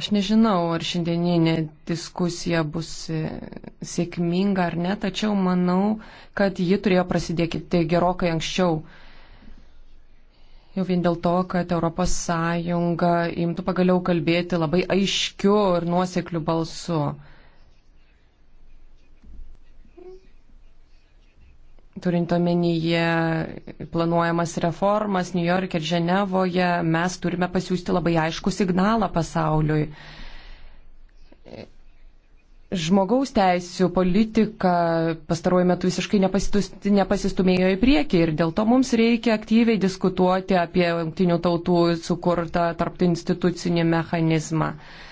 Aš nežinau, ar šiandieninė diskusija bus sėkminga ar ne, tačiau manau, kad ji turėjo prasidėti gerokai anksčiau. Jau vien dėl to, kad ES imtų pagaliau kalbėti labai aiškiu ir nuosekliu balsu. turint omenyje planuojamas reformas New York ir Ženevoje, mes turime pasiūsti labai aišku signalą pasauliui. Žmogaus teisų politika pastaruoju metu visiškai nepasistumėjo į priekį ir dėl to mums reikia aktyviai diskutuoti apie jungtinių tautų sukurtą tarptinstitucinį mechanizmą. Uh,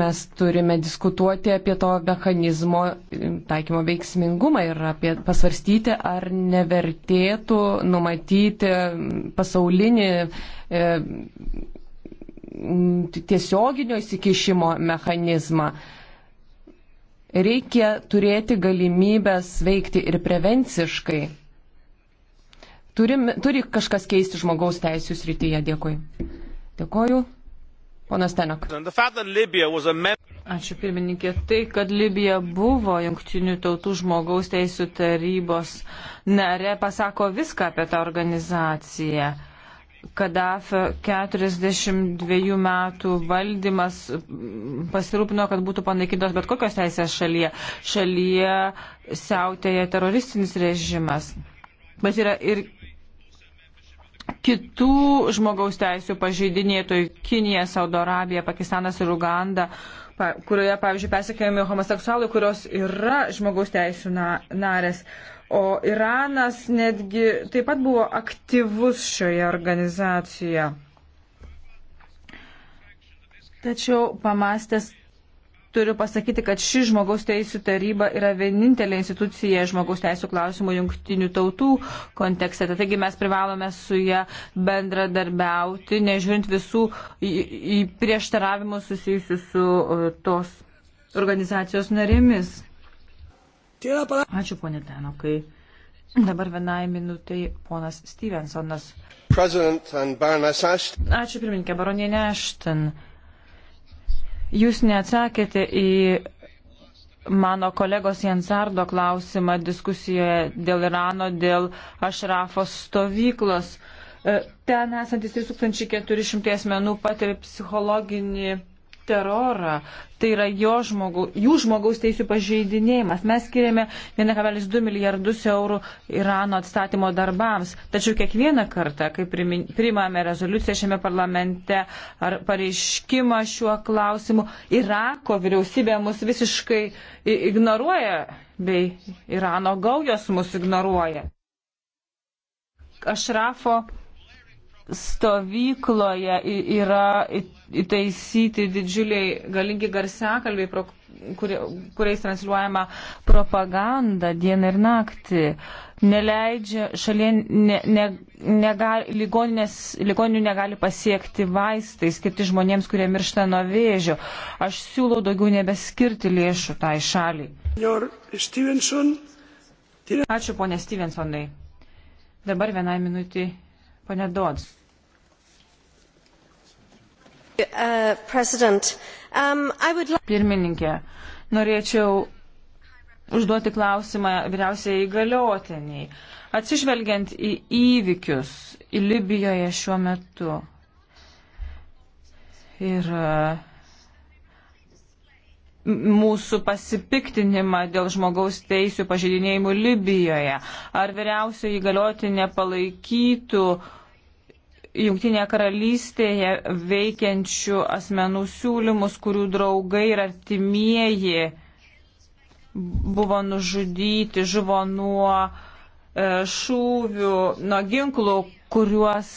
Mes turime diskutuoti apie to mechanizmo e, taikymo veiksmingumą ir apie pasvarstyti, ar nevertėtų numatyti pasaulinį e, tiesioginio įsikišimo mechanizmą. Reikia turėti galimybės veikti ir prevenciškai. Turim, turi kažkas keisti žmogaus teisų srityje. Dėkui. Dėkoju. Ponas Tenok. Ačiū pirmininkė. Tai, kad Libija buvo Junktinių tautų žmogaus teisų tarybos nare, pasako viską apie tą organizaciją. Kadafio 42 metų valdymas mm, pasirūpino, kad būtų panaikintos bet kokios teisės šalyje. Šalyje siautėja teroristinis režimas. Bet yra ir kitų žmogaus teisų pažeidinėtojų - Kinija, Saudo Arabija, Pakistanas ir Uganda, kurioje, pavyzdžiui, persekiojami homoseksualai, kurios yra žmogaus teisų na, narės. O Iranas netgi taip pat buvo aktyvus šioje organizacijoje. Tačiau pamastęs turiu pasakyti, kad ši žmogaus teisų taryba yra vienintelė institucija žmogaus teisų klausimų jungtinių tautų kontekste. Taigi mes privalome su ją bendradarbiauti, nežiūrint visų į prieštaravimų susijusių su e, tos organizacijos narėmis. Ačiū, ponė Tenokai. Dabar vienai minutai ponas Stevensonas. Ačiū, pirmininkė Baronienė Ashton. Jūs neatsakėte į mano kolegos Jansardo klausimą diskusijoje dėl Irano, dėl Ašrafos stovyklos. E, ten esantis 3400 asmenų patiria psichologinį terorą. Tai yra žmogu, jų žmogaus teisų pažeidinėjimas. Mes skiriame 1,2 milijardus eurų Irano atstatymo darbams. Tačiau kiekvieną kartą, kai priimame rezoliuciją šiame parlamente ar pareiškimą šiuo klausimu, Irako vyriausybė mus visiškai ignoruoja bei Irano gaujos mus ignoruoja. Ašrafo stovykloje yra įtaisyti didžiuliai galingi garsiakalbiai, kuriais transliuojama propaganda dieną ir naktį. Neleidžia šalia, ne, ne, negali, ligoninės, ligoninių negali pasiekti vaistai, skirti žmonėms, kurie miršta nuo vėžio. Aš siūlau daugiau nebeskirti lėšų tai šaliai. Ačiū, ponė Stevensonai. Dabar vienai minutį Pane Dodds. Uh, um, would... Pirmininkė, norėčiau užduoti klausimą vyriausiai įgaliotiniai. Atsižvelgiant į įvykius į Libijoje šiuo metu ir uh, mūsų pasipiktinimą dėl žmogaus teisų pažeidinėjimų Libijoje? Ar vyriausioji galioti nepalaikytų Junktinėje karalystėje veikiančių asmenų siūlymus, kurių draugai ir artimieji buvo nužudyti, žuvo nuo e, šūvių, nuo ginklų, kuriuos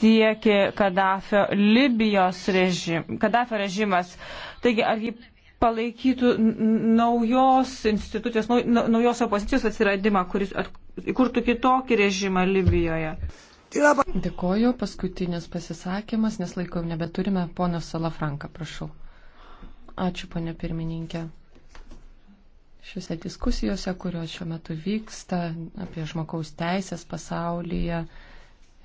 tiekė Kadafio Libijos režim, Kadafio režimas. Taigi, ar jį palaikytų naujos institucijos, naujos opozicijos atsiradimą, kuris įkurtų kitokį režimą Libijoje. Dėkoju, paskutinis pasisakymas, nes laiko nebeturime. Ponas Salafranka, prašau. Ačiū, ponė pirmininkė. Šiuose diskusijose, kurios šiuo metu vyksta apie žmogaus teisės pasaulyje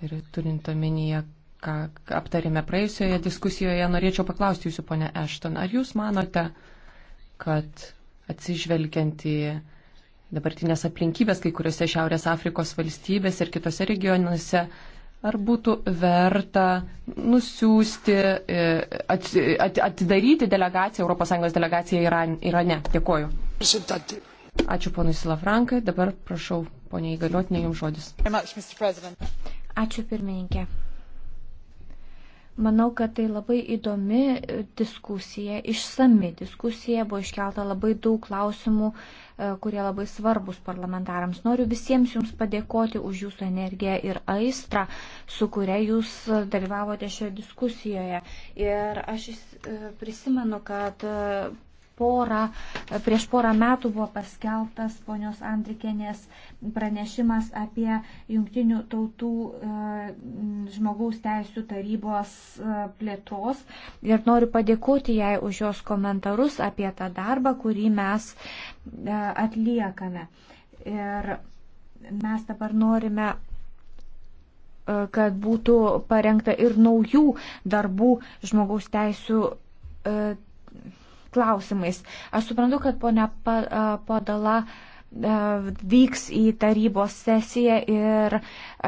ir turint omenyje, ką aptarėme praėjusioje diskusijoje, norėčiau paklausti jūsų, ponė Ešton, ar jūs manote, kad atsižvelgiant į dabartinės aplinkybės kai kuriuose Šiaurės Afrikos valstybės ir kitose regionuose, ar būtų verta nusiųsti, e, atidaryti delegaciją, ES delegaciją Irane? Dėkoju. Ačiū ponui Silafrankai, dabar prašau, ponia įgaliotinė, jums žodis. Ačiū pirmininkė. Manau, kad tai labai įdomi e, diskusija, išsami diskusija, buvo iškelta labai daug klausimų, e, kurie labai svarbus parlamentarams. Noriu visiems Jums padėkoti už Jūsų energiją ir aistrą, su kuria Jūs dalyvavote šioje diskusijoje. Ir aš e, prisimenu, kad porą, prieš porą metų buvo paskeltas ponios Andrikenės pranešimas apie jungtinių tautų e, žmogaus teisų tarybos e, plėtros. Ir noriu padėkoti jai už jos komentarus apie tą darbą, kurį mes e, atliekame. Ir mes dabar norime kad būtų parengta ir naujų darbų žmogaus teisų klausimais. Aš suprantu, kad ponia Podala vyks į tarybos sesiją ir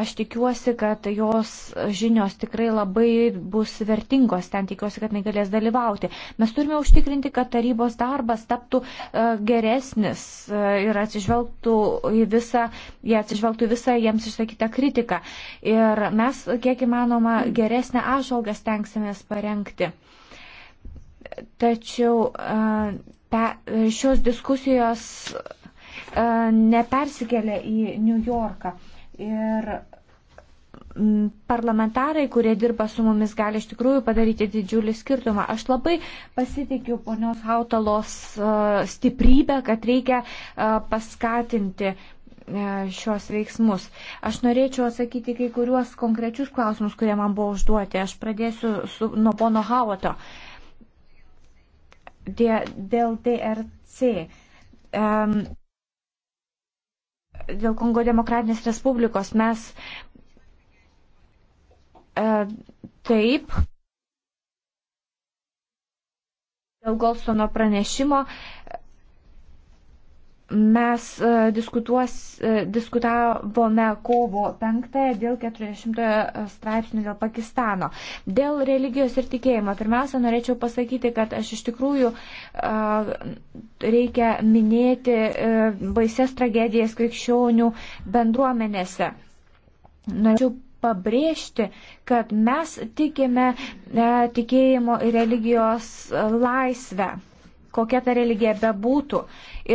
aš tikiuosi, kad jos žinios tikrai labai bus vertingos, ten tikiuosi, kad negalės dalyvauti. Mes turime užtikrinti, kad tarybos darbas taptų geresnis ir atsižvelgtų į visą, jie atsižvelgtų visą jiems išsakytą kritiką. Ir mes, kiek įmanoma, geresnę apžvalgą stengsimės parengti. Tačiau šios diskusijos nepersikėlė į New Yorką. Ir parlamentarai, kurie dirba su mumis, gali iš tikrųjų padaryti didžiulį skirtumą. Aš labai pasitikiu ponios Hautalos stiprybę, kad reikia paskatinti e, šios veiksmus. Aš norėčiau atsakyti kai kuriuos konkrečius klausimus, kurie man buvo užduoti. Aš pradėsiu su, nuo pono Hauto. Uh, dėl DRC. Dėl Kongo demokratinės respublikos mes e, taip. Dėl Golstono pranešimo Mes e, diskutuos, e, diskutavome kovo 5 dėl 40 e, straipsnių dėl Pakistano. Dėl religijos ir tikėjimo. Pirmiausia, norėčiau pasakyti, kad aš iš tikrųjų reikia minėti baises tragedijas krikščionių bendruomenėse. Norėčiau pabrėžti, kad mes tikime tikėjimo ir religijos laisvę kokia ta religija bebūtų.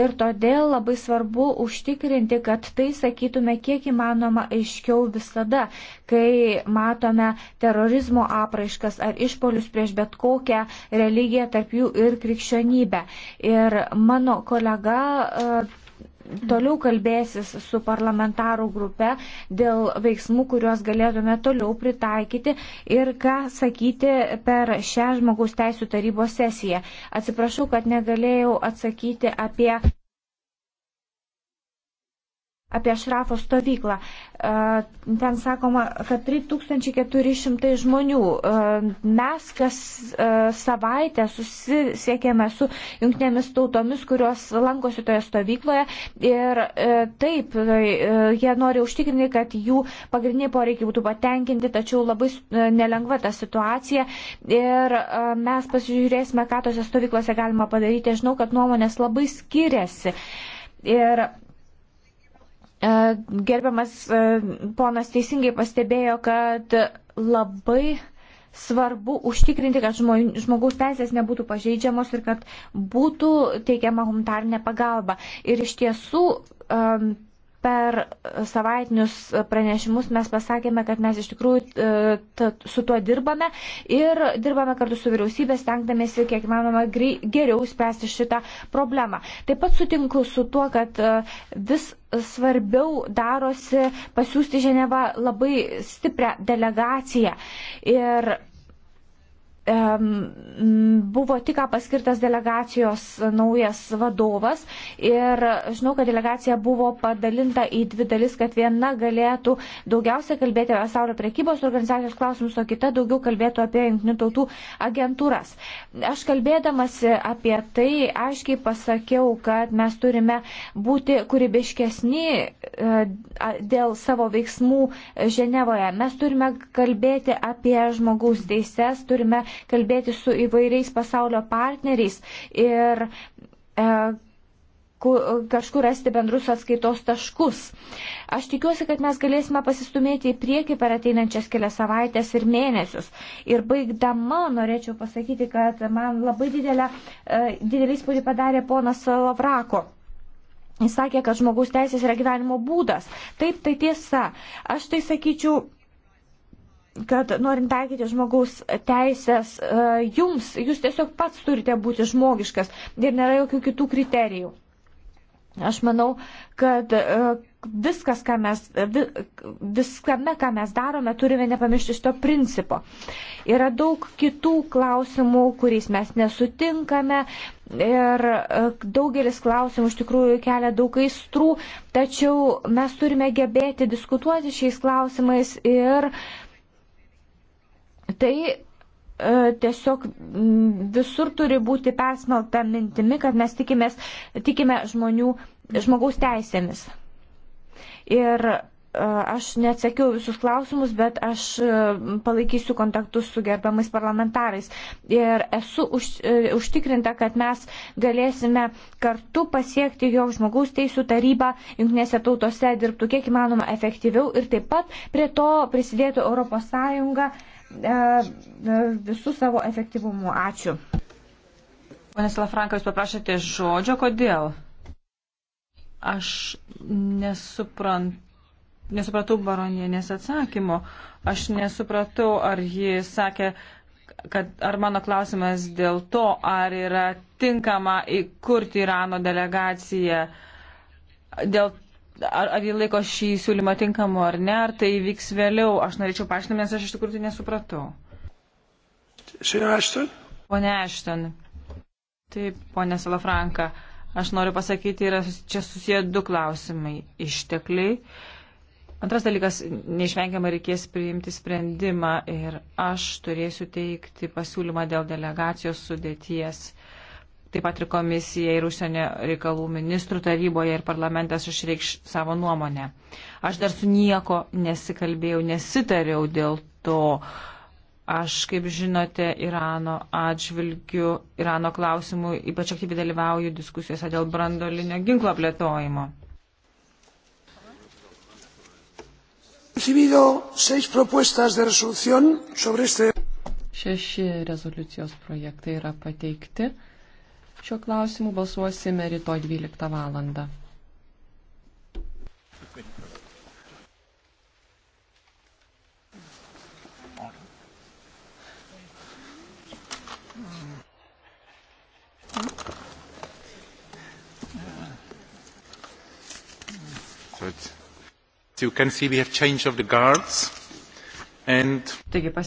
Ir todėl labai svarbu užtikrinti, kad tai sakytume kiek įmanoma aiškiau visada, kai matome terorizmo apraiškas ar išpolius prieš bet kokią religiją, tarp jų ir krikščionybę. Ir mano kolega toliau kalbėsis su parlamentarų grupe dėl veiksmų, kuriuos galėtume toliau pritaikyti ir ką sakyti per šią žmogaus teisų tarybos sesiją. Atsiprašau, kad negalėjau atsakyti apie apie Šrafo stovyklą. E, ten sakoma, kad 3400 žmonių. E, mes kas e, savaitę susisiekėme su jungtinėmis tautomis, kurios lankosi toje stovykloje ir taip, jie nori užtikrinti, kad jų pagrindiniai poreikiai būtų patenkinti, tačiau labai nelengva ta situacija ir mes pasižiūrėsime, ką tose stovyklose galima padaryti. Žinau, kad nuomonės labai skiriasi. Ir E, gerbiamas e, ponas teisingai pastebėjo, kad labai svarbu užtikrinti, kad žmogaus teisės nebūtų pažeidžiamos ir kad būtų teikiama humanitarnė pagalba. Ir iš tiesų e, per savaitinius pranešimus mes pasakėme, kad mes iš tikrųjų e, su tuo dirbame ir dirbame kartu su vyriausybė, stengdamėsi kiek manoma geriau spręsti šitą problemą. Taip pat sutinku su tuo, kad e, vis svarbiau darosi pasiūsti Ženevą labai stiprią delegaciją. Ir buvo tik paskirtas delegacijos naujas vadovas ir žinau, kad delegacija buvo padalinta į dvi dalis, kad viena galėtų daugiausia kalbėti apie pasaulio prekybos organizacijos klausimus, o kita daugiau kalbėtų apie jungtinių tautų agentūras. Aš kalbėdamasi apie tai aiškiai pasakiau, kad mes turime būti kūrybiškesni e, dėl savo veiksmų Ženevoje. Mes turime kalbėti apie žmogaus teises, turime kalbėti su įvairiais pasaulio partneriais ir e, kažkur rasti bendrus atskaitos taškus. Aš tikiuosi, kad mes galėsime pasistumėti į priekį per ateinančias kelias savaitės ir mėnesius. Ir baigdama norėčiau pasakyti, kad man labai didelę, e, didelį įspūdį padarė ponas Lavrako. Jis sakė, kad žmogaus teisės yra gyvenimo būdas. Taip, tai tiesa. Aš tai sakyčiau kad norint taikyti žmogaus teisės e, jums, jūs tiesiog pats turite būti žmogiškas ir nėra jokių kitų kriterijų. Aš manau, kad e, viskas, ką mes, e, viskame, ką mes darome, turime nepamiršti šito principo. Yra daug kitų klausimų, kuriais mes nesutinkame ir daugelis klausimų iš tikrųjų kelia daug aistrų, tačiau mes turime gebėti diskutuoti šiais klausimais ir uh, Tai e, tiesiog visur turi būti persmelta mintimi, kad mes tikimės, tikime žmonių, žmogaus teisėmis. Ir e, aš neatsakiau visus klausimus, bet aš e, palaikysiu kontaktus su gerbiamais parlamentarais. Ir esu už, užtikrinta, kad mes galėsime kartu pasiekti, jog žmogaus teisų taryba jungtinėse tautose dirbtų kiek įmanoma efektyviau ir taip pat prie to prisidėtų ES E, e, visų savo efektyvumu. Ačiū. Pane Salafranka, jūs paprašėte žodžio, kodėl? Aš nesuprantu. Nesupratau baronienės atsakymo. Aš nesupratau, ar ji sakė, kad ar mano klausimas dėl to, ar yra tinkama įkurti Irano delegaciją. Dėl ar, ar jį laiko šį siūlymą tinkamu ar ne, ar tai vyks vėliau. Aš norėčiau paaiškinti, nes aš iš tikrųjų tai nesupratau. Senior Ashton? Pone Ashton. Taip, ponė Salafranka. Aš noriu pasakyti, yra čia susiję du klausimai - ištekliai. Antras dalykas, neišvengiamai reikės priimti sprendimą ir aš turėsiu teikti pasiūlymą dėl delegacijos sudėties taip pat ir komisija ir užsienio reikalų ministrų taryboje ir parlamentas išreikš savo nuomonę. Aš dar su nieko nesikalbėjau, nesitariau dėl to. Aš, kaip žinote, Irano atžvilgių, Irano klausimų ypač aktyviai dalyvauju diskusijose dėl brandolinio ginklo plėtojimo. Šeši rezoliucijos projektai yra pateikti. Šiuo klausimu balsuosime rytoj 12 valandą. So you can see we have change of the guards and Taigi,